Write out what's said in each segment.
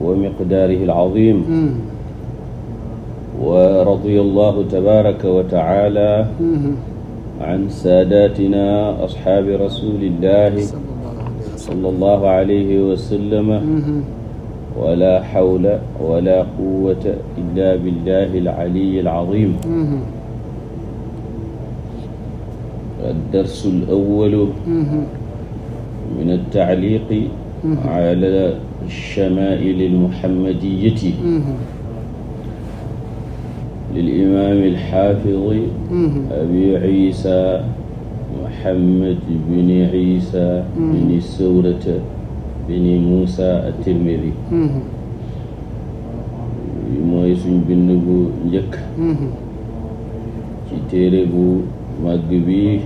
ومقداره العظيم ورضي الله تبارك وتعالى عن ساداتنا أصحاب رسول الله صلى الله عليه وسلم ولا حول ولا قوة إلا بالله العلي العظيم الدرس الأول من التعليق على الشمائل المحمدية للإمام الحافظ أبي عيسى محمد بن عيسى بن السورة بن موسى الترمذي mooy suñ bind bu njëkk ci téere bu màgg bi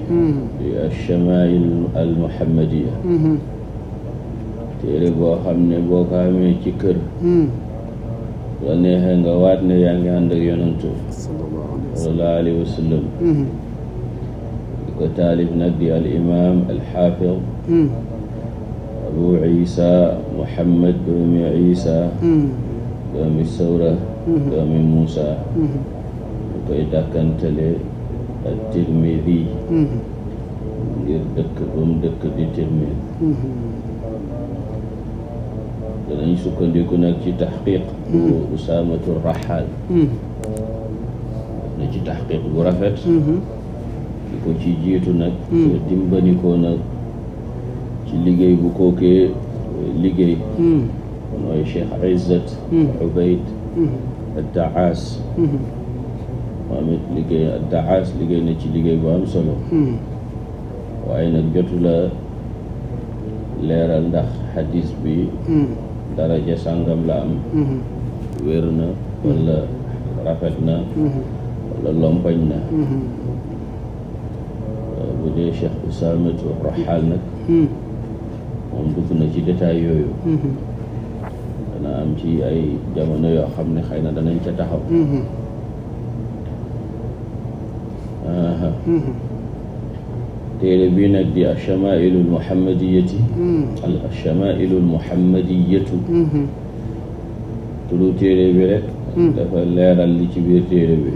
di alchamail al muhammadiya téere boo xam ne boo ko amee ci kër hmm. la neexee nga waat ne yaa ngi ànd ak yonantu sallallahu alayhi wa sallam hmm. di ko taalif nag di al imam al xaafid hmm. abu isa muhammad doomi isa doomi sawra doomi muusa ñu koy dàkkantale al tirmidi ngir dëkk bu mu dëkk di tirmidi danañ sukkandiku nag ci taxqiq bu hmm. usaamatu raxaal hmm. na ci taxqiq bu rafet hmm. ci jiitu nag dimbanikoo nag ci liggéey bu kookee liggéey mooy cheikh izzat liggéey addaas liggéey ci liggéey bu am solo waaye nag ndax xadis bi daraja sàngam la am mhm. wér na wala mhm. rafet na mhm. wala lompañ na euh, bu dee Cheikh Ousamatu Raxaal nag moom dugg na ci détail yooyu dana am ci ay jamono yoo xam ne xëy na danañ ca taxaw téere bi nag di alchamailu almuhammadiyati al alchamailu almuhammadiyatu turu téere bi rek dafa leeral li ci biir téere bi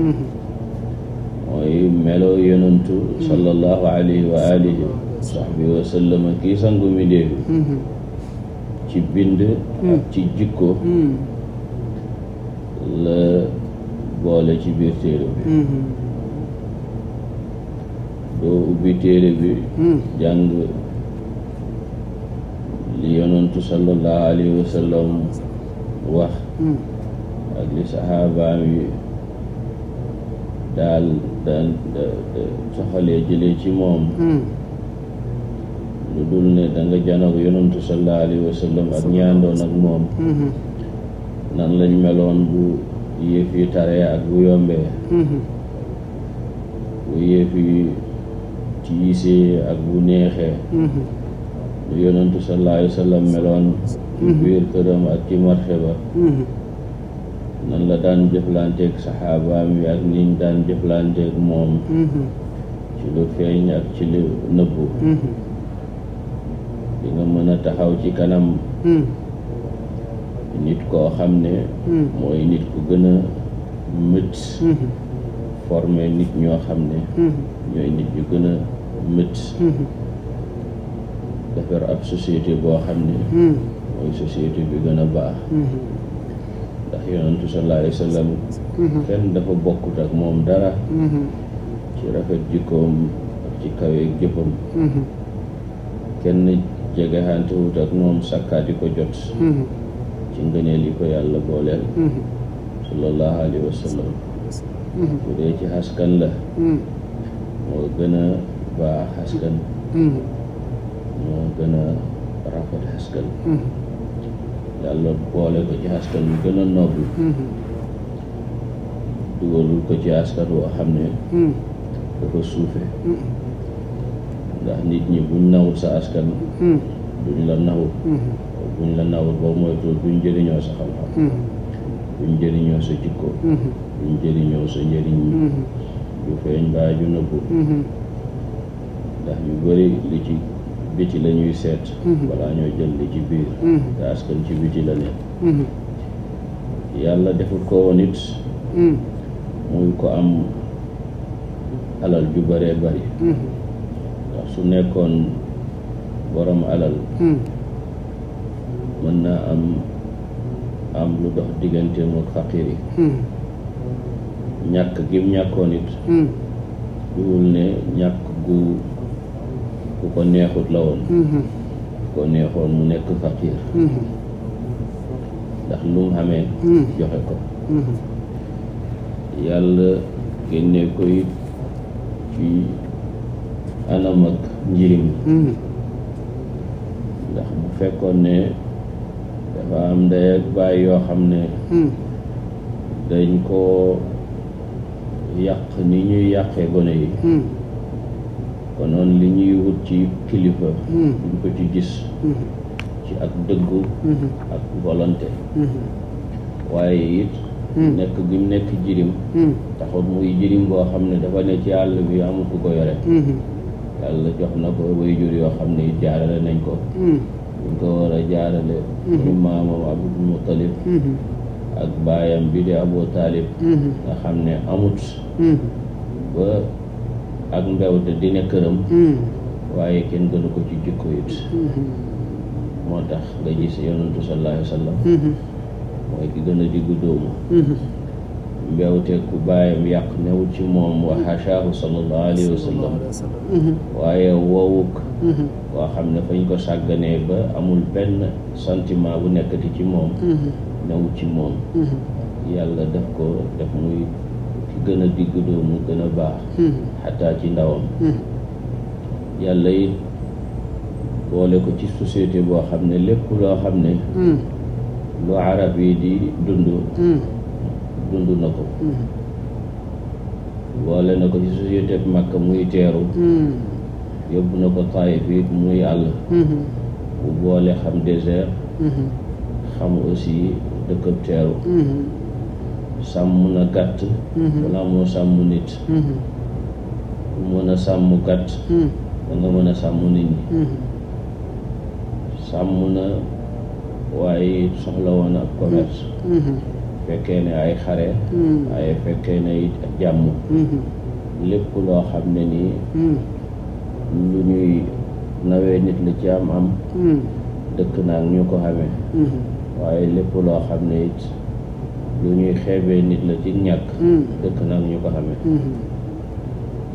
mooy meloo yonantu sallallahu alayhi wa alihi wa sahbihi wa sallama kii sangu mi déebi ci bind ak ci jikko la boole ci biir téere bi doo ubbi téere bi hmm. jàng li yonantu sallallahu alayhi wa sallam wax hmm. ak li saxaabaam yi daal daan soxalee jëlee ci moom hmm. lu dul ne da nga janoog yonantu sallallahu alayhi wa ak ñaandoon moom nan lañ meloon bu yëf yi ak bu bu yëf tiisee ak bu neexee lu mhm. yonentu sallallahu alayhi wa sallam meloon ci mhm. biir këram ak ci marché ba mhm. nan la daan jëflanteeg saxaabaam yi ak niñ daan jëflanteeg moom ci lu feeñ ak ci lu nëbbu di nga mën a taxaw ci kanam nit koo xam ne mooy nit ku gën a mët nit ñoo xam ne ñooy nit ñu gën métti mhm. defar ab société boo xam ne hmm. mooy société bi gën a baax hmm. ndax yonentu sallallahu alayhi hmm. kenn dafa bokkut ak moom dara ci rafet jikkoom ak ci kaweeg jëppam kenn jegexantewut ak moom sàkkaati ko jot ci ngëneel yi ko yàlla booleel sallallahu alayhi wa sallam bu dee ci askan la moo gën a baax askan ñoo hmm. gën a rafet askan hmm. yàlla boole ko ci askan yu gën a noble hmm. dugalul ko ci askan woo xam ne dafa suufe ndax nit ñi buñ nawul sa askan duñ la nawul buñ la nawul ba moytu duñ jëriñoo sa xam-xam duñ jëriñoo sa jikko duñ jëriñoo sa njëriñ ju feeñ baa ju nëbbu ndax yu bëri li ci biti la seet balaa mhm. ñoo jël li ci biir mhm. te askan ci biti la ne mhm. yàlla defut ko woon it muy ko am alal ju bëree bëri su nekkoon borom alal mën naa am am lu dox diggante mook faqiir yi ñàkk gi mu ñàkkoon it duwul ne ñàkk gu ku ko neexut la woon mhm. ku ko neexoon mu nekk faqiir mhm. ndax lu mu xamee mhm. joxe ko yàlla génne koy ci anam ak njirim ndax bu fekkoon ne dafa am ndey ak bàyyi yoo xam ne dañ ko yàq ni ñuy yàqee gone yi noonu li ñuy wut ci kilifa hmm. duñ ko ci gis hmm. ci ak dëggu hmm. ak volonté waaye it nekk gi nekk jirim taxut muy jirim boo xam ne dafa ne ci àll bi amul ko yore yàlla jox na ko way jur yoo xam ne it jaarale nañ ko buñ ko war a jaarale ñu maamam Abdul Muttalib ak baayam bi di Abu Taalib nga xam ne amut ba ak mbewte dina këram hmm. waaye kenn gënu ko ci jikko it hmm. moo tax nga gis yonantu sallallahu alayhi wa sallam hmm. mooy ki gën a diggu dóomu mbewte ku bàyyam yàq new ci moom wa xashaahu sallallahu alayhi wa sallam xam ne fañ ko sàgganee ba amul benn sentiment bu nekkati ci moom new ci moom yàlla def ko def muy gën a digg doomu gën a baax xataa hmm. ci ndawam hmm. yàlla it boole ko ci société boo xam ne lépp loo xam ne hmm. lu arab yi di dund dund na ko boole na ko ci société bi Makka muy teeru yóbbu na ko Taayif yi muy àll bu boole xam désert xam aussi dëkkab teeru sàmm na gàtt balaa mhm. moo sàmm nit mhm. ku mën a sàmm gàtt mhm. da mën a sàmm nit ñi sàmm na waaye soxla woon ak commerce fekkee ne ay xare waaye fekkee ne it jàmm lépp loo xam ne nii lu ñuy nawee nit la ci am am dëkk naag ñu ko xamee waaye lépp loo xam ne it lu ñuy xeebee nit la ci ñàkk mm. dëkk nag ñu ko xamee mm-hmm.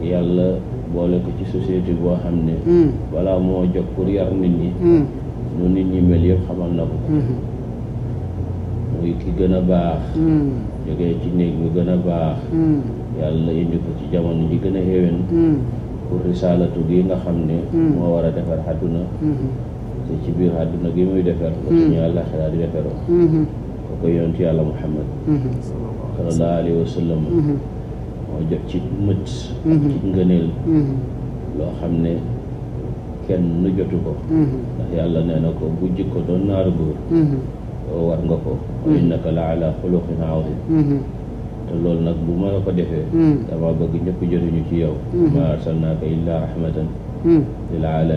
yàlla boole ko ci société boo xam ne mm. balaa moo jox pour yar nit ñi nu mm. nit ñi mel yëpp xamal na ko mm-hmm. muy ki gën a baax jógee ci néeg ñu gën a baax yàlla indi ko ci jamono ji gën a xéwén pour risaalatu gi nga xam ne moo war a defar àdduna mm-hmm. te ci biir àdduna gi muy defar la suñu àllaxira di defaroo ko yonent yàlla muhammad mhm. sallallahu alayhi wa sallam mhm. moo jot ci mët mhm. ci ngëneel loo xam ne kenn nu jotu ko ndax yàlla nee na ko bu jikko doon naar góor war nga ko innaka la ala xuluqin azim te loolu nag bu ma ko defee dama bëgg ñëpp jotuñu ci yow ma arsalnaaka illa rahmatan lil daal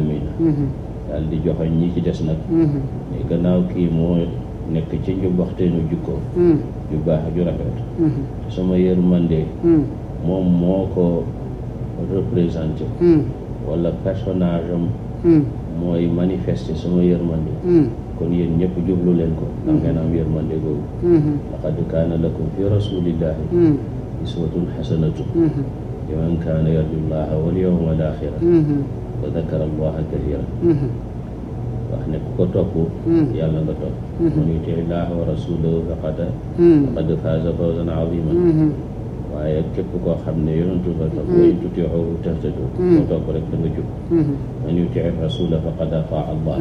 di joxoñ ñi ci des nag ne gannaaw kii moo nekk ci njubbaxteenu jikko hmm. ju baax ju rafet hmm. sama yërmande hmm. moom moo ko représenté wala personnage am mooy manifester sama yërmande kon yéen ñëpp jublu leen ko ndax ngeen am yërmande googu laqad kaana lakum fi rasulillahi uswatun xasanatu liman kaana yarju llaha wal yawma wa dakara allaha kathira wax ne ku ko topp hmm. yàlla nga topp hmm. man yuti illaaha wa rasulahu faqad hmm. faqad faaza fawzan azima waaye képp koo xam ne yonentu la topp way tutixohu tahtadu ko topp rek da nga jub man yuti rasula faqad ataa allah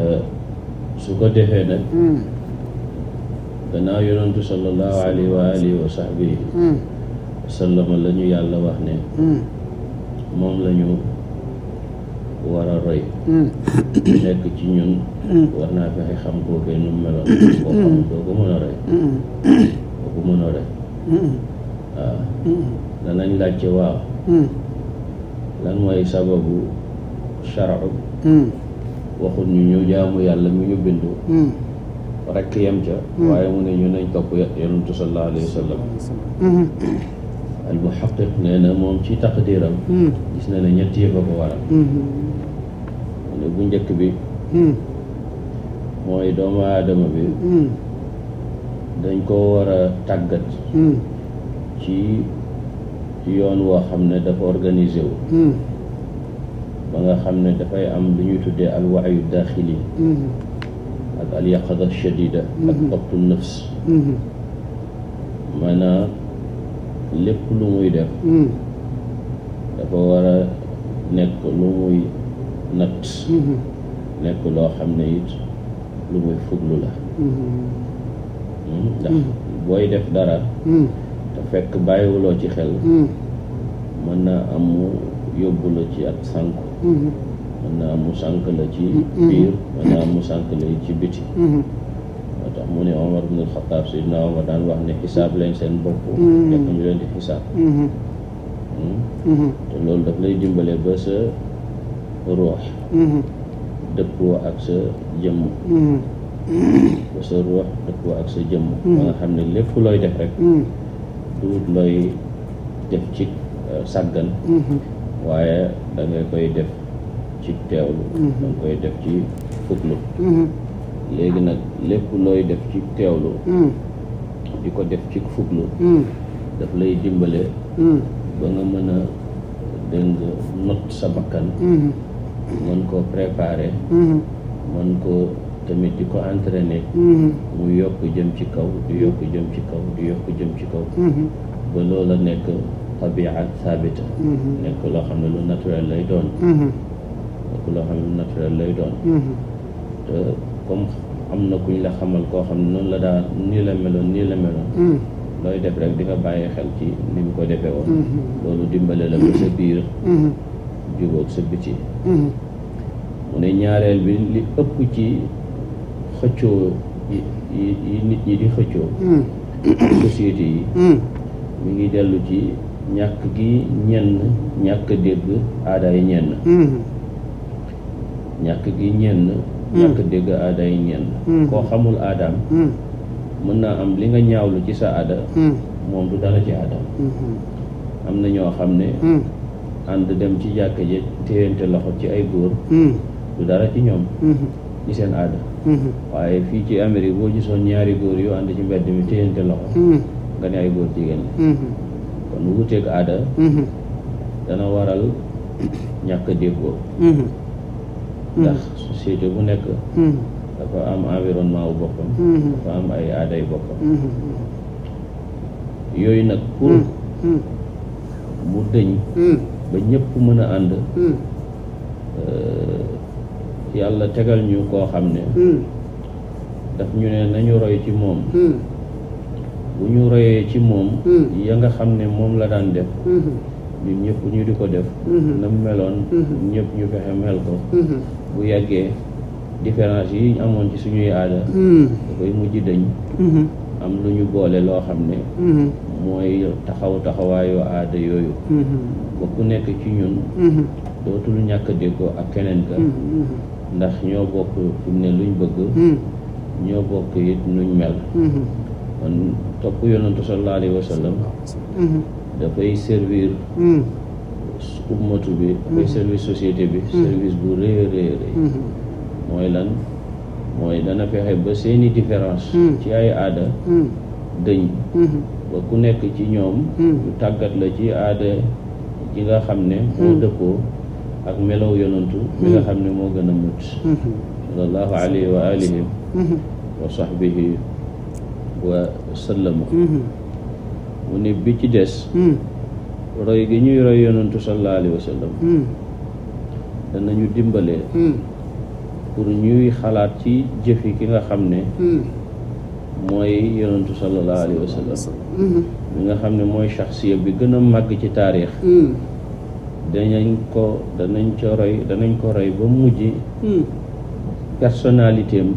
uh, su ko defee nag gannaaw yonentu sallallahu alayhi wa alihi wa sahbihi sallama la ñu yàlla wax ne moom la ñu war a roy mm. nekk ci ñun mm. war naa fexe xam kookee nu mu meloon koo mm. xam doo ko mën a roy doo ko mën a roy waaw danañ laajte waaw lan mooy sababu charu waxul ñu ñu jaamu yàlla mi ñu bindu rekk yem ca waaye mu ne ñu nañ topp yonentu sallallahu alayhi wa al muhaqiq nee na moom ci taqdiram hmm. gis na ne ñett a ko waral hmm. bu njëkk bi hmm. mooy doomu aadama bi dañ koo war a tàggat ci yoon woo xam ne dafa organisé wu ba nga xam ne dafay am lu ñuy tuddee al waayu daaxili ak al yaqada ak dabtu nafs maanaam lépp lu muy def hmm. dafa war a nekk lu muy natt hmm. nekk loo xam ne it lu muy fuglu la hmm. ndax booy def dara fekk bàyyiwuloo ci xel mën na am mu yóbbu la ci ak sànk mën naa am mu sànk la ci biir mën naa am mu la ci biti moo tax mu ne Omar ibn al-Khattab Seydina Omar daan wax ne xisaab lañ seen bopp nekk ñu leen hmm. di xisaab te loolu daf lay dimbale ba sa ruux dëppoo ak sa jëmm ba sa ruux dëppoo ak sa jëmm ba nga xam ne lépp looy def rek duut looy def ci sàggan waaye da ngay koy def ci teewlu da nga koy def ci fuglu hmm. léegi nag lépp looy def ci teewlu hmm. di ko def ci fuglu hmm. daf lay dimbale hmm. ba nga mën a dégg not sa mën koo préparer mën ko tamit di ko entraîner mu yokk jëm ci kaw di yokk jëm ci kaw di yokk jëm ci kaw ba la nekk tabiat sabita nekk loo xam ne lu naturel lay doon nekk loo xam lay doon te comme am na kuñ la xamal koo xam noonu la daa nii la meloon nii la meloon hmm. looy def rek di nga bàyyi xel ci ni mu ko defe woon hmm. loolu dimbale la ba sa biir hmm. jubóog sa biti mu ne ñaareel bi li ëpp ci xëccoo yi nit ñi di xëccoo société yi mi ngi dellu ci ñàkk gi ñenn ñàkk dégg aada ñenn ñàkk gi ñenn Hmm. ñàkk dégg aada yi ñenn hmm. koo xamul aadaam hmm. mën naa am li nga ñaawlu ci sa aada moom du dara ci aadaam am na ñoo xam ne ànd dem ci jàkka ji téyante loxo ci ay góor du dara ci ñoom ci seen aada waaye fii ci Amérique boo gisoon ñaari góor yu ànd ci mbedd mi téyante loxo nga ne ay góor jigéen la kon wuteeg aada dana waral ñàkk déggoo Hmm. ndax société bu nekk hmm. dafa am environnement wu boppam hmm. dafa am ay aaday boppam yooyu nag pour mu dëñ ba ñëpp mën a ànd euh, yàlla tegal ñu koo xam ne daf ñu ne nañu roy ci moom bu ñu royee ci moom ya nga xam ne moom la daan def ñun ñëpp ñu di ko def na meloon ñëpp ñu fexe mel ko bu yàggee différence yi ñu amoon ci suñuy aada hmm. dafay mujj dañ hmm. am lu ñu boole loo xam ne hmm. mooy taxaw taxawaayu aada yooyu ba ku nekk ci ñun dootul ñàkk déggoo ak keneen ka ndax ñoo bokk fi ne luñ bëgg ñoo bokk it nuñ mel kon topp yonantu sallallahu alayhi wa sallam dafay servir ummatu bi muy mhm. service société bi mhm. service bu rëy a mhm. mooy lan mooy dana fexe ba seeni différence ci ay aada dëñ ba ku nekk ci ñoom ñu tàggat la ci aada ji nga xam ne moo dëppoo ak melow yonantu mi nga xam ne moo gën a mucc sallallahu alayhi wa alihi wa sahbihi wa sallama mu ne bi ci des roy gi ñuy roy yonantu sallallahu alayhi wa sallam hmm. danañu dimbale hmm. pour ñuy xalaat ci jëfi ki nga xam ne hmm. mooy yonantu sallallahu alayhi nga xam ne mooy shaxsiya bi gën a màgg ci taarix danañ ko danañ ko roy danañ ko roy ba mujj personnalité am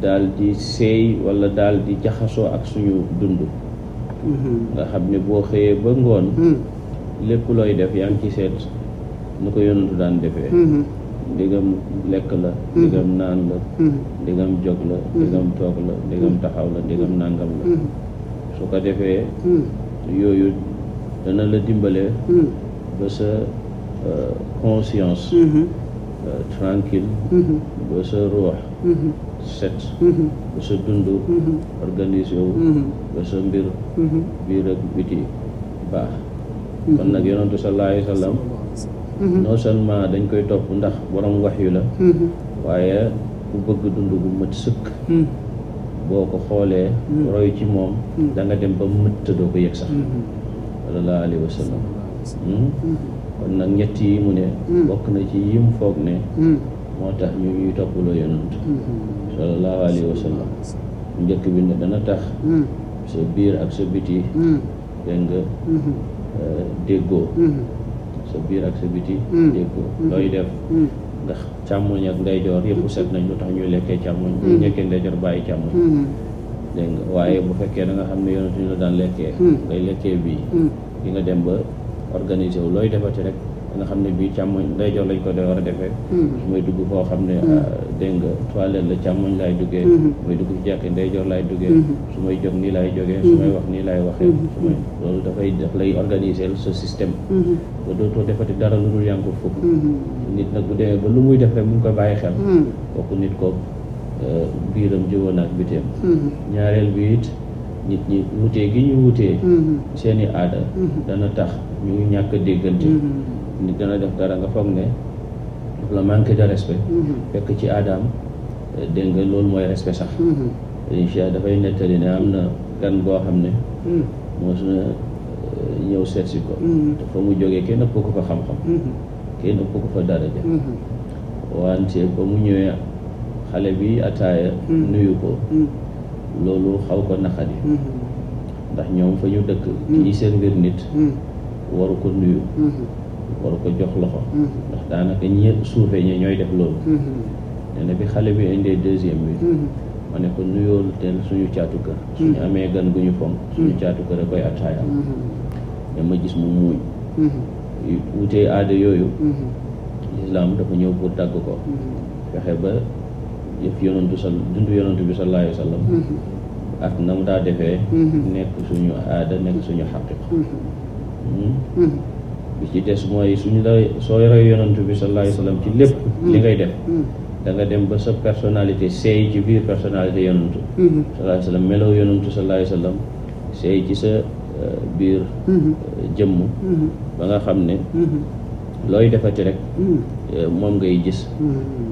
daal di seey wala daal di jaxasoo ak suñu dund nga xam ne boo xëyee ba ngoon hmm. lépp looy def yaa ngi ci seet nu ko yonantu daan defee hmm. ndigam lekk la hmm. ndigam naan la ndigam jog la ndigam toog la ndigam taxaw la ndigam nàngam la su ko defee yooyu dana la dimbale ba sa euh, conscience euh, tranquille ba sa ruux set mm-hmm. ba sa dund mm-hmm. organisé wu mm-hmm. ba sa mbir biir ak biti baax kon nag yonentu sallallahu alayhi wa sallam non seulement dañ koy topp ndax borom wax yu la waaye ku bëgg dund bu mët sëkk boo ko xoolee roy ci moom da nga dem ba mëtt doo ko yëg sax sallallahu alayhi wa sallam hmm? kon nag ñett yi mu ne bokk na ci yim foog ne moo tax ñu ñuy toppaloo yonent sallallahu alayhi wa sallam njëkk bi ne dana tax hmm. sa biir ak sa biti hmm. dégg nga hmm. euh, déggoo sa biir ak sa biti déggoo looy def ndax càmmoñ ak ndeyjoor yëpp set nañ lu tax ñuy lekkee càmmoñ bu njëkkee ndeyjoor bàyyi càmmoñ dégg nga waaye bu fekkee da xam ne yonent ñu la daan lekkee ngay lekkee bii di nga dem ba organisé wu looy defati rek da nga xam ne bii càmmoñ joor lañ ko de war a defee su may dugg koo xam ne euh, dégg nga toilette la càmmoñ laay duggee mooy mm-hmm. dugg ci jàkk ndeyjoor laay duggee mm-hmm. su may jóg nii laay jógee su may mm-hmm. wax nii laay waxee su may loolu dafay daf lay organiser sa système ba dootoo defati dara lu dul yànku fukk nit nag bu demee ba lu muy def mu ngi bàyyi xel kooku nit ko euh, biiram jëwoon ak biteem ñaareel bi nit ñi wutee gi ñu wutee seeni aada dana tax ñu ñàkk déggante nit dana def dara nga foog ne la manque de respect mhm. ci aadaam dégg nga loolu mooy respect sax mhm. incha dafay nettali ne am na gan goo xam ne mhm. moo su na euh, ñëw seet ko fa mu jógee kenn ëpp ko fa xam-xam kenn ëpp ko fa daraja wante ba mu ñëwee xale bi ataaya nuyu ko loolu xaw ko naqadi ndax ñoom fa ñu dëkk kii servir nit waru ko nuyu waru ko jox loxo daanaka ñi suufee ñi ñooy def loolu mhm. nee bi xale bi indee deuxième bi mhm. ma ne ko nuyoolu teen suñu caatu kër mhm. suñu amee gan gu ñu fonk suñu caatu kër a koy attaayam dama gis mu muuñ wutee aada yooyu lislaam dafa ñëw pour tàgg ko fexe ba yëf yonantu sa dundu yonantu bi sallallahu alayhi wa sallam ak na mu daa defee nekk suñu aada nekk suñu xaqiqa bi ci des mooy suñu la sooy roy yonantu bi sallallahu alayhi wa sallam ci lépp mm. li ngay def mm. da nga dem ba sa personnalité seey ci biir personnalité yonantu mm-hmm. sallallahu alayhi wa sallam melow yonantu sallallahu alayhi wa sallam seey ci sa uh, biir mm-hmm. uh, jëmm mm-hmm. ba nga xam ne looy defati rek mm. uh, moom ngay gis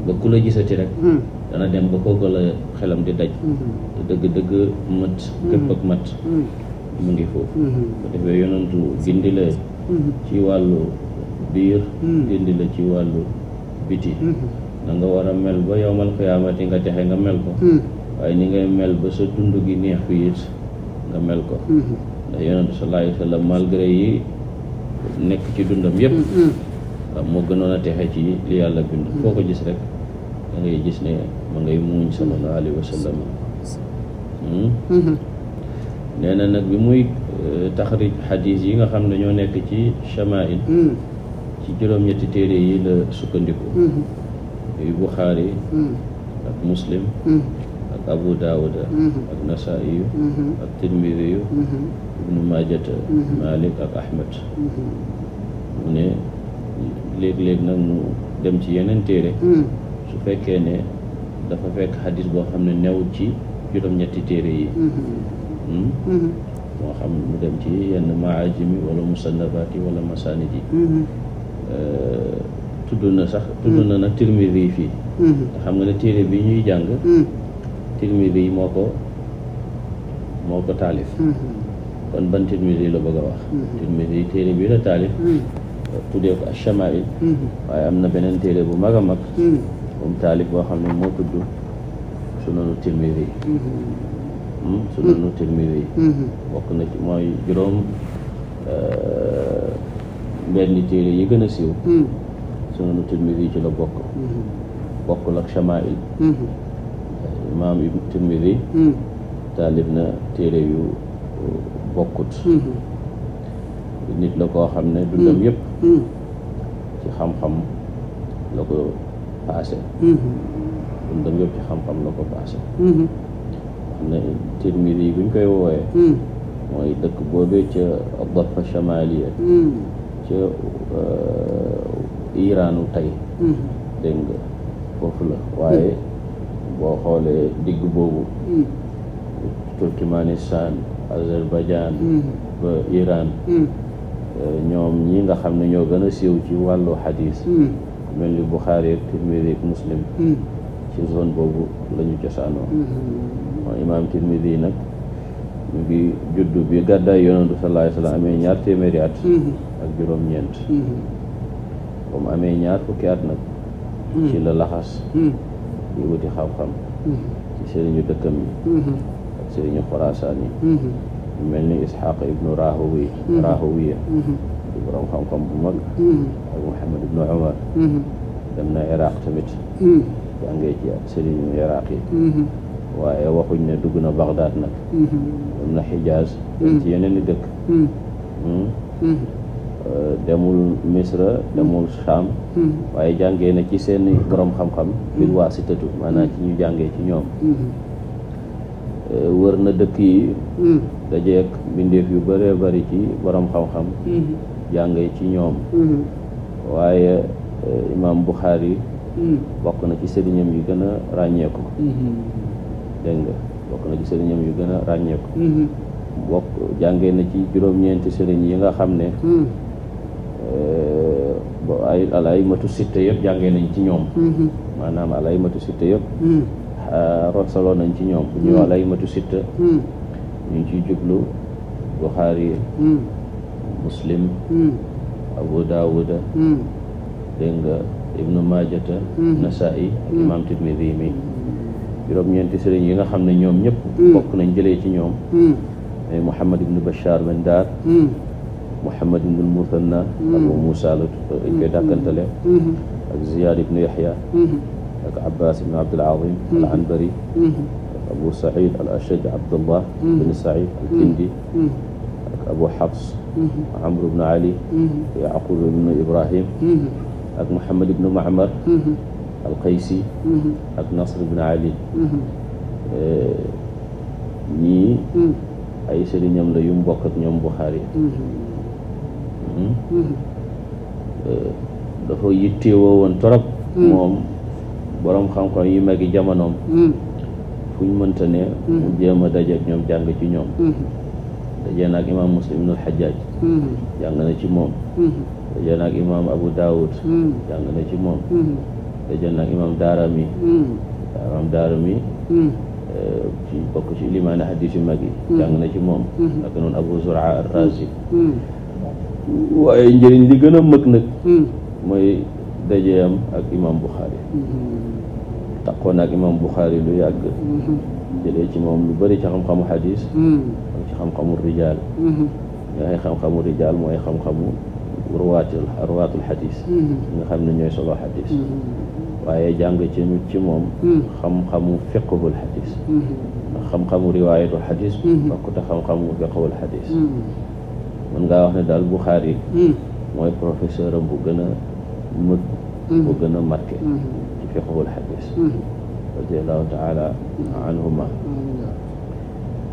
ba ku la gisati rek dana dem ba kooku la xelam di daj dëgg dëgg mat képp ak mat mu ngi foofu bu defee yonantu gindi la ci wàllu biir gindi hmm. la ci wàllu biti na hmm. nga war a mel ba yowmal xiyaamati nga texe nga mel ko hmm. waaye ni ngay mel ba sa dund gi neex ko nga mel ko ndax yonent sallallahu alayhi wa sallam yi nekk ci dundam yépp moo gënoon a texe ci li yàlla bind foo ko gis rek dangay gis ne ma ngay muuñ sallallahu alayhi nee nag bi muy euh, taxrij xadis yi nga xam ne ñoo nekk ci chamail mm. ci juróom-ñetti téere yi la sukkandiku mm. yu buxaari mm. ak muslim ak abu daawuda mm-hmm. ak nasaiyu mm-hmm. ak tirmiriyu mm-hmm. ibnu maajata malik ak ahmad mu ne léeg-léeg nag mu dem ci yeneen téere su fekkee ne dafa fekk xadis boo xam ne newut ci juróom-ñetti téere yi Hmm? Hmm. moo xam mu dem ci yenn maajimi wala musannabaat wala masanid yi hmm. euh, tudd na sax tudd na nag tirmidi fii xam nga ne téere bi ñuy jàng tirmidi yi moo ko moo ko taalif kon ban tirmidi la bëgg a wax tirmidi yi téere bi la taalif tuddee ko ashamail waaye am na beneen téere bu mag a mag moom taalif boo xam ne moo tudd sunanu tirmidi yi Hmm, sunanu hmm. Tirmidi hmm. bokk na ci mooy juróom euh, benn téere yi gën a siiw sunanu Tirmidi ci la bokk bokkul ak Chamail euh, imaam ibn Tirmidi taalib na téere yu bokkut nit la koo xam ne dundam yëpp ci xam-xam la ko paase dundam yëpp ci xam-xam la ko paase ne tirmidi buñ koy woowee mooy dëkk boobee ca Dafa Chamalia ca iraanu tey dégg nga foofu la waaye boo xoolee digg boobu Turkmenistan Azerbaïdjan ba Iran ñoom ñi nga xam ne ñoo gën a siiw ci wàllu xadis mel ni Buxaari ak Tirmidi Muslim ci zone boobu la ñu cosaanoo imaam Tirmidi nag mu ngi juddu bi gàddaay yonantu sallallahu alayhi amee ñaar mhm. ak juróom-ñeent mhm. ba mu amee ñaar fukki at nag mhm. ci la laxas di wuti xam-xam ci sëriñu dëkkam yi ak sëriñu xorasaan yi mel ni Isxaaq ibnu Rahowi Rahowiya di xam-xam bu mag ak Muhammad ibnu Umar dem na Iraq tamit jàngee ci sëriñu Iraq yi waaye waxuñ ne dugg na Bagdad nag mhm. mhm. dem na Xijaaz ci yeneen dëkk mhm. Hmm? Euh, demul misra demul Sham waaye jàngee na ci seen borom xam-xam bil waasitatu ci ñu jàngee ci ñoom euh, wër na dëkk yi dajeek mbindeef yu bëree bari ci borom xam-xam jàngee ci ñoom waaye euh, imaam Buxaari bokk na ci sëriñam yi gën a ràññeeku dégg nga bokk na ci yu gën a ràññeeku mhm. bokk jàngee na ci juróom-ñeenti sëriñ yi nga xam ne mhm. eh, ay alaymatu sitte yëpp jàngee nañ ci ñoom mhm. maanaam alaymatu sitte yëpp rosaloo nañ ci ñoom bu ñu alaymatu sitte ñu ngi ciy jublu Buxaari Muslim Abu Daawuda dégg nga Ibnu Maajata Nasaa'i ak imaam Tirmidi mi juróom-ñeenti sëriñ yi nga xam ne ñoom ñëpp hmm. bokk nañ jëlee ci ñoom mooy hmm. Muhammad ibnu Bachar ben Daar Muhammad hmm. ibnu Muthanna Abu Moussa la dañ koy dàkkantale ak Ziyad ibnu Yaxya ak Abbas ibnu Abdul Azim al Anbari ak Abu Saïd al Ashaj Abdullah bin Saïd al Kindi ak Abu Xabs Amr ibnu Ali Yaqub ibnu Ibrahim ak Muhammad ibnu Maamar alqaysi mhm. ak nasr ibn ali mhm. eh, ñii mhm. ay sëriñam la yu mu ak ñoom buxaari eh, dafa yittewoo woon torop moom boroom xam-xam yu magi jamonoom fu ñu mënta ne mu jéem a dajeek ñoom jàng ci ñoom dajee naag imaam muslim ibnul xajaaj jàng na ci moom dajee naag imaam abu daawud jàng na ci moom te jël nag imam daara mi hmm. imam daara mi hmm. eh, ci bokk ci limaani hadis yu mag yi hmm. na ci moom naka noonu Abu Zur'a ar-Razi waaye njëriñ li gën a mag nag mooy dajeeyam ak imam Buxaari taqoon ak imam Buxaari lu yàgg jëlee ci moom lu bëri ci xam-xamu hadis ak ci xam-xamu rijaal ñooy xam-xamu rijaal mooy xam-xamu ruwaatul ruwaatul hadis nga xam ne ñooy solo hadis waaye jàng ci ci moom hmm. xam-xamu fiqhul xadis hmm. ndax xam-xamu riwaayatul xadis hmm. bakkuta xam-xamu fiqhul xadis mën ngaa wax ne daal Buxaari mooy professeur am bu gën a mët bu gën a marqué ci taala anhuma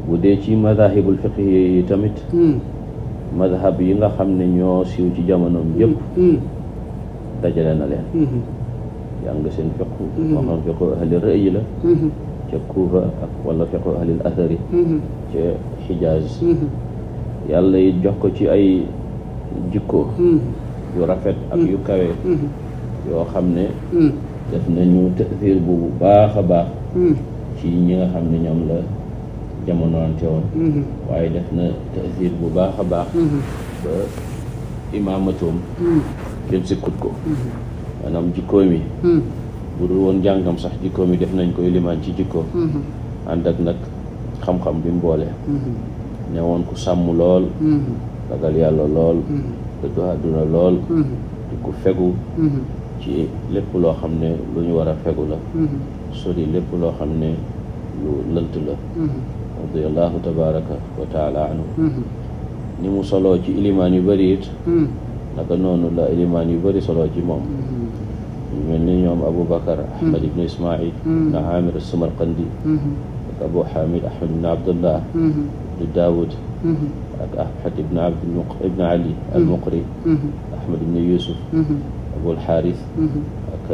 bu dee ci madahibul fiqh yi tamit madhab yi nga xam ne ñoo siiw ci jamonoom yëpp dajale na leen nga seen fiqu moo hmm. xam fiqu ahli rëy la hmm. ca Kuufa ak wala fiqu ahli athari hmm. ca Xijaaz yàlla it jox ko ci ay jikko yu rafet ak yu kawe yoo xam ne def nañu tësiir bu baax a baax ci ñi nga xam ne ñoom la jamonoonte woon waaye def na tësiir bu baax a baax ba imaamatoom kenn sikkut ko maanaam jikkoom yi hmm. bu dul woon jàngam sax jikkoom yi def nañ ko limaan ci jikko hmm. ànd ak nag xam-xam bi mu boole hmm. woon ku sàmm lool ragal yàlla lool dëddu àdduna lool di ku fegu ci lépp loo xam ne lu ñu war a fegu la sori lépp loo xam ne lu lënt la radiallahu tabaraka wa taala anhu ni mu soloo ci ilimaan yu bari it naka noonu la ilimaan yu bëri solo ci moom ñu mel ni ñoom Abu Bakar Ahmad ibn Ismail mm-hmm. na Amir Sumarqandi mm-hmm. ak Abu Hamid Ahmad ibn Abdullah mm-hmm. di Daawud ak Ahmad ibn Abd ibn Ali al-Muqri Ahmad ibn Yusuf Abu al-Harith ak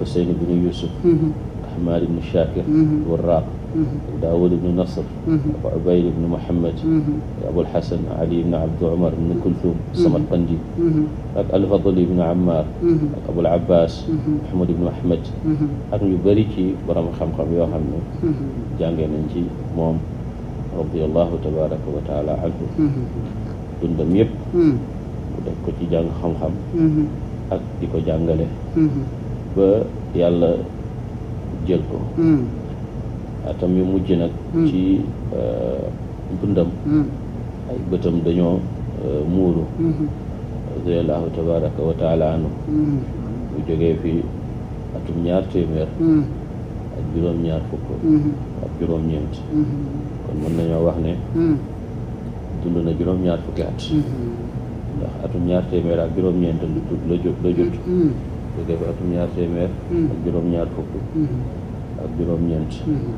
Husayn ibn Yusuf Ahmad ibn Shakir Warraq daawud ibnu nasr abu ubayd ibnu muhammad abul hasan ali ibnu abdu umar ibnu kulthum samarqandi ak alfadl ibnu ammar ak abul abbas muhammad ibnu ahmad ak ñu bëri ci borom xam-xam yoo xam ne jàngee nañ ci moom radiallahu tabaraka wa taala anhu dundam yëpp mu def ko ci jàng xam-xam ak di ko jàngale ba yàlla jël ko atam yu mujj nag hmm. ci euh, dundam hmm. ay bëtam dañoo euh, muuru hmm. radiyallahu tabaraka wa taala jógee fi atum ñaar téeméer ak juróom-ñaar fukk ak juróom-ñeent kon mën nañoo wax ne dund na juróom-ñaar fukki at ndax atum ñaar téeméer ak juróom-ñeent la jot la jot jógee fi atum ñaar téeméer ak juróom-ñaar fukk ak juróom-ñeent mhm.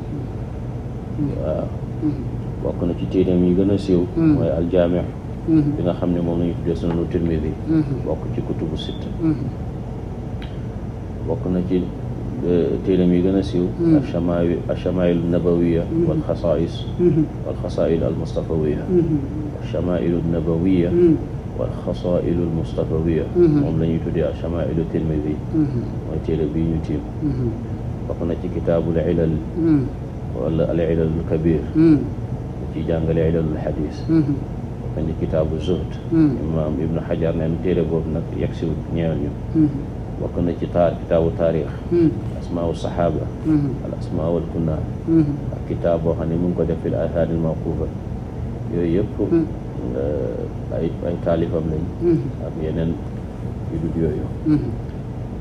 Mhm. waaw mhm. bokk na ci téereem yi gën a siiw mooy aljaami bi nga xam ne moom lañu tuddee sunanu Tirmidi bokk ci kutubu sitta bokk na ci euh, téereem yi gën a siiw ashamail ashamail nabawiya wal xasaais wal xasail al mustafawiya ashamailu nabawiya wal xasailu al mustafawiya moom la ñuy tuddee ashamail Tirmidi mooy téere bii ñu tiim bokk na ci kitaabul ilal hmm. wala al ilalul kabir bu hmm. ci jàngale ilalul xadis hmm. bokk na ci kitaabu zuhd imaam ibnu xajar neen téere boobu nag yegg si ñeel ñu bokk na ci taar kitaabu taarix asmau saxaaba al asmaa wal kunna ak kitaab boo xam ne mu ngi ko def fil asaanil mawquufa yooyu yëpp ay ay taalifam lañ ak yeneen yu dul yooyu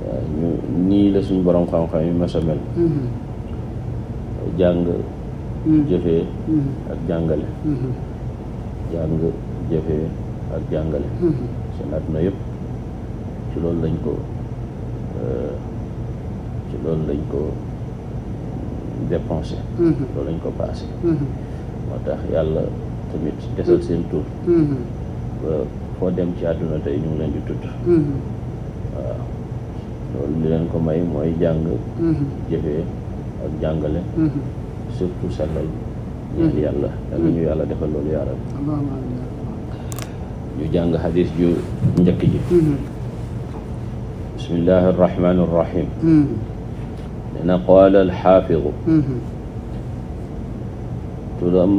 waaw ñu ñii la suñ borom xam-xam yi mas a mel jàng jëfee ak jàngale jàng jëfee ak jàngale seen àdduna yëpp ci loolu lañ ko eh, ci loolu lañ ko dépensé loolu lañ ko passé moo tax yàlla tamit desal seen tur ba foo dem ci àdduna tey ñu ngi leen di tudd loolu li leen ko may mooy jàng mm-hmm. jëfee ak jàngale mm-hmm. surtout sellal mm-hmm. ñaan yàlla yàlla ñu yàlla defal loolu yaaram ñu jàng xadis ju njëkk ji bismillahi arrahmani arrahim dina qaala alxaafidu turam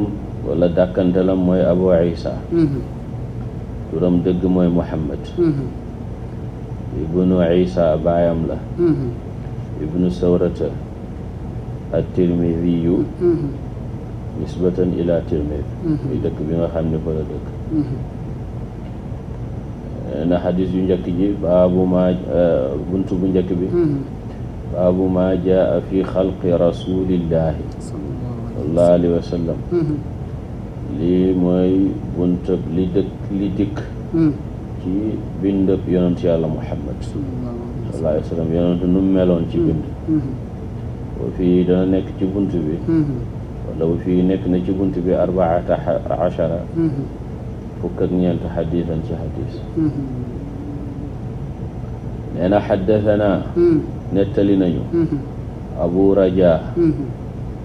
wala dàkkantalam mooy abu isa turam dëgg mooy muhammad ibnu isa baayam la mm-hmm. ibnu sawrata at-tirmidhiyu mm-hmm. nisbatan ila tirmidhi muy mm-hmm. dëkk bi nga xam ne fa la dëkk eh, na xadis yu njëkk ji baabu ma eh, buntu bu njëkk bi baabu ma jaa fi xalqi rasulillahi sallallahu alayhi wa sallam lii mooy buntu li dëkk li dikk ci bind yonent yàlla muhammad sallallahu alayhi wa sallam yonent nu meloon ci bind bu fii dana nekk ci bunt bi wala bu nekk na ci bunt bi arbaata achara fukk ak ñeent xadisan ci xadis nee na xaddasanaa nettali nañu abu raja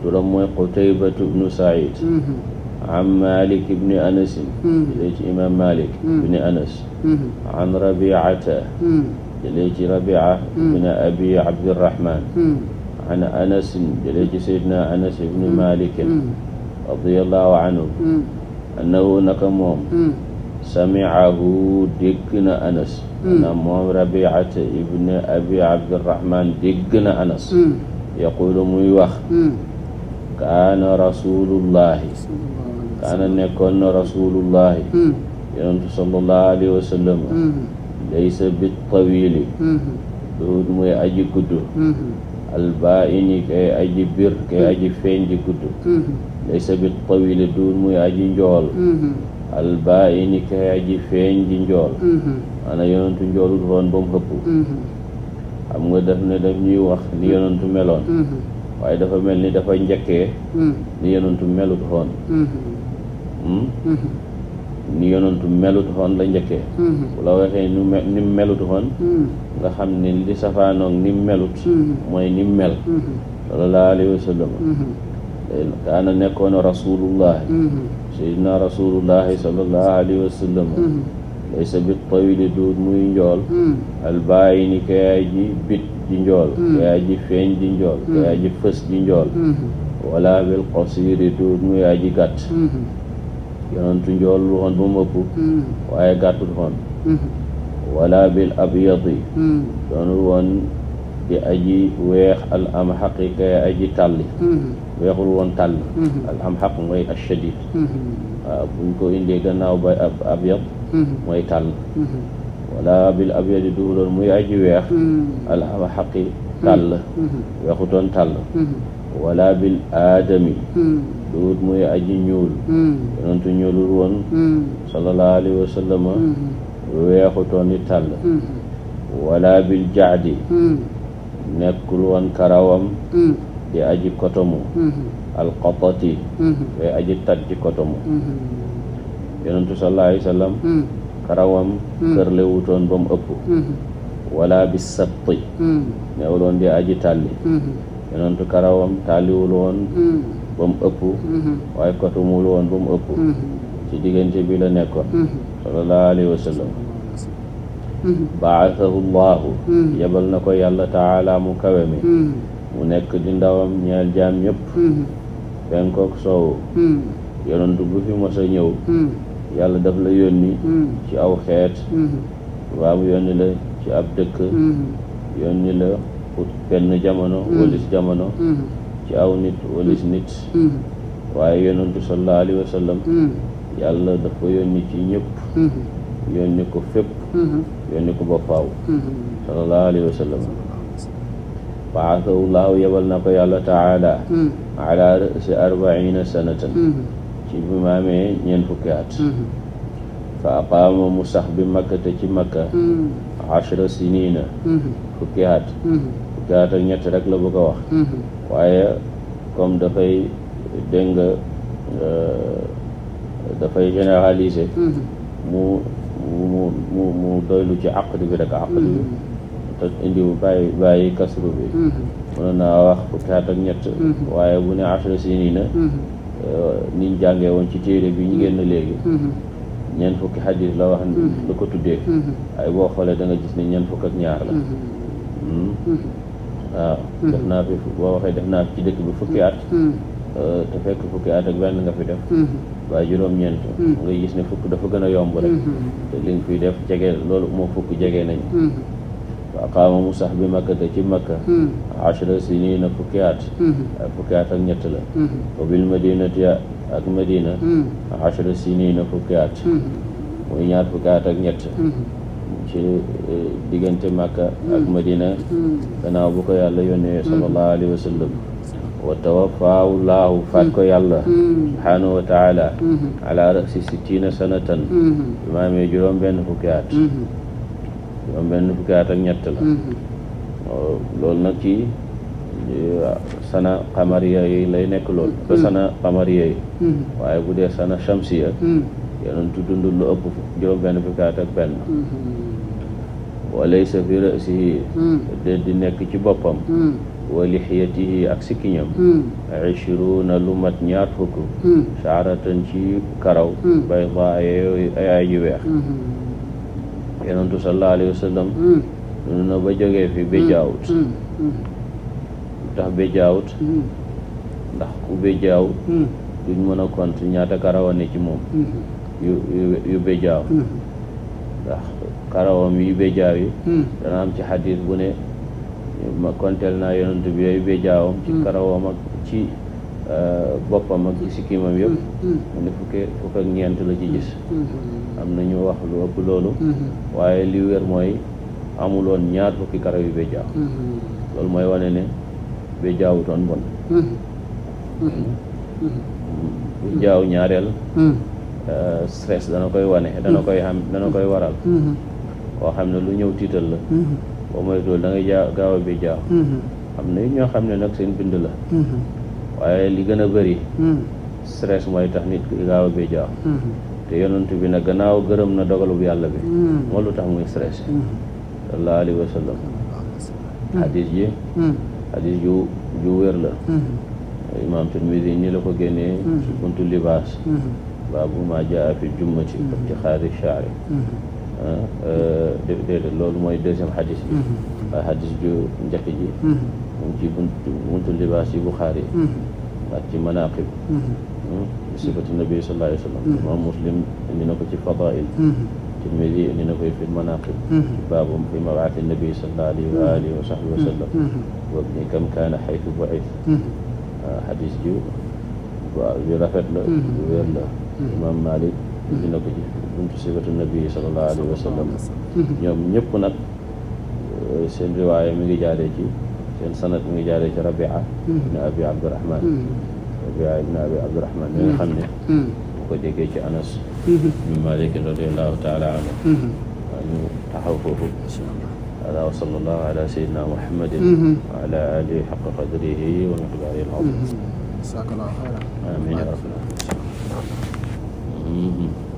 turam mooy qutaybatu bnu said an malik ibni anasin jëlee ci imam malik ibni anas an rabiata jëlee ci rabia ibni abi abdirahman an anasin jëlee ci saydna anas ibni malikin radiallahu anhu annahu naka moom samiahu dégg na anas maanaam moom rabiata ibni abi abdirahman dégg na anas yaqulu muy wax kaana rasulullahi kaana nekkoon na rasulullahi hmm. yonentu sallallahu alayhi wa sallam hmm. laysa bit tawili duut hmm. muy aji gudd albaa ini kay aji bir kay aji feeñ ji gudd laysa bit tawili duut muy aji njool albaa ini kay aji feeñ ji njool ana yonentu njoolul woon ba mu xëpp xam nga daf ne daf ñuy wax ni yonentu meloon waaye dafa mel ni dafa njëkkee ni yonentu melut woon Hmm? ni yonantu melut xoon la njëkkee hmm. bu la nu melut xoon hmm. nga xam ne li safaanoog ni melut mooy ni mel sallallahu alayhi wa sallam eh, kaana nekkoon rasulullahi sayidna rasulullahi sallallahu alayhi wa sallam laysa njool albaayi ni bit ji njool kayaay ji feeñ ji njool kayaay ji fës ji njool wala bil qasiri duut muy aji gàtt yonentu njool lu xoon ba mu ëpp hmm. waaye gàttul xoon hmm. wala bil abyadi hmm. doonul woon di aji weex al am xaqi kay aji tàlli weexul woon tàlli al am xaq mooy ashadid waaw buñ ko indee gannaaw ba ab abyad mooy tàll wala bil abyadi duuloon muy aji weex al am xaqi tàll weexutoon tàll wala bil aadami hmm. duut muy aji ñuul hmm. yonentu ñuulul woon hmm. sallallahu alayhi wa sallama weexutoon it tàll wala bil jaadi nekkul woon karawam di aji kotomu alqatati day aji tat ci kotomu yonentu sallallahu alayhi wa sallam karawam kërlewutoon ba mu ëpp wala bi sabti neewuloon di aji tàlli yonentu karawam taaliwul woon hmm. ba ëpp hmm. waaye kotumul woon ba ëpp hmm. ci diggante bi la nekkoon sallallahu alayhi wa sallam baathahu llahu na ko yàlla taala mu kawe mi mu nekk di ndawam ñeel jaam ñëpp penkook soowu yonentu bu fi mos ñëw yàlla daf la yónni ci aw xeet waa mu yónni la ci ab dëkk yónni la bokkut benn jamono mm. walis jamono mm. ci aw nit walis mm. nit waaye yonentu sallallahu alayhi wa sallam yàlla daf ko yónni ci ñëpp yónni ko fépp yónni ko ba faaw sallallahu alayhi wa sallam baathahu na ko yàlla taala ala rasi ci bi mu amee ñeent fa aqaama mu sax bi makkate ci makka achra sinina fukki gaatal ñett rek la bëgg a wax mhm. waaye comme dafay dégg nga euh, dafay généraliser mhm. mu mu mu mu doylu ci àqd bi rek àqd bi mhm. te indiwu naa wax fukki at ak ñett waaye bu ne ashra sinina euh, niñ jàngee woon ci téere bi ñu génn léegi ñeent fukki xadis la wax da ko tuddee waaye boo xoolee danga nga gis ne ñeent fukk ak ñaar la hmm? waaw mm-hmm. def naa fi boo waxee def naa ci dëkk bi fukki at mm-hmm. euh, te fekk fukki at ak benn nga fi def mm-hmm. waaye juróom-ñeent nga gis ne fukk dafa gën a yomb rek te li nga fiy def jege loolu moo fukk jege nañu wa qaama sax bi makka te ci makka achra sinina fukki at ak fukki at ak ñett la wa bil madinati ak madina achra sinina fukki at muy ñaar fukki at ak ñett ci eh, diggante Makka ak mm. Madina mm. gannaaw bu ko yàlla yónnee mm. sallallahu alayhi wa wa tawafaahu faat ko yàlla subhaanahu wa taala mm-hmm. ala rasi sittina sanatan mm-hmm. bi ma amee juróom benn fukki at mm-hmm. benn fukki ak ñett la oh, loolu nag ci eh, sana xamariya yi lay nekk lool ba sana xamariya yi waaye bu dee sana shamsiya yonentu dund lu ëpp juróom benn fukki ak benn walaysa fi rasihi hmm. de nekk ci boppam hmm. wa lixiyatihi ak sikkiñam ishruuna hmm. lu mat ñaar fukk saaratan ci karaw bayda ay yu weex yonentu sallallahu alayhi wa sallam na ba jógee fi béjaawut tax béjaawut ndax ku béjaaw duñ mën a compte ñaata karaw ci moom yu yu ndax karawam yi béjjaaw yi hmm. dana am ci xadis bu ne ma konteel naa yonent bi yooyu béjjaawam ci hmm. karawam ak ci euh, boppam ak ci yëpp hmm. mu ne fukke fukk ak ñeent la ci gis am na ñu wax lu ëpp loolu waaye li wér mooy amuloon ñaar fukki karaw yu béjjaaw loolu mooy wane ne béjjaawutoon bon béjjaaw ñaareel euh, stress dana koy wane dana koy xam dana koy waral koo xam ne lu ñëw tiital la mhm. boo moytuwul da ngay gaaw bi jaaw mhm. am na ñoo xam ne nag seen bind la mhm. waaye li gën a bëri stress mooy tax nit ki gaaw bi jaaw te yonent bi nag gannaaw gërëm na dogalub yàlla bi moo lu tax muy stressé sallallahu alayhi wa sallam hadis ji hadis ju ju wér la imam Tirmidi ni la ko génnee ci buntu libaas baabu ma jaa fi jummati ci xaari shaari Euh, euh, déedéet loolu mooy deuxième xadis bi mm-hmm. waaye xadis ju njëkk ji mm-hmm. mu ngi ci buntu buntu libaas yi Buxaari mm-hmm. ak ci manaqib bi hmm? sifati nabi sallallahu alayhi wa sallam imaam muslim indi na ko ci fadail tirmidi indi na koy fi manaqib baabu fi mabaati nabi sallallahu alayhi wa alihi wa sahbihi wa sallam wabni kam kaana xaytu bu'ith xadis ah, ju waaw ju rafet la ju wér la imaam malik indi na ko ci buntu siratu nabi sallallahu alayhi wa sallam ñoom ñëpp nag euh, seen riwaaya mi ngi jaaree ci seen sanat mi ngi jaaree ci rabia ibn abi abdurahman rabia ibn abi abdurahman mi nga xam ne bu ko déggee ci anas min malik radiallahu taala anhu waa ñu taxaw foofu ala wa sallallahu ala sayyidina muhammadin wa ala alihi xaqa qadrihi wa miqdaarihi al-azim amin ya rabbal alamin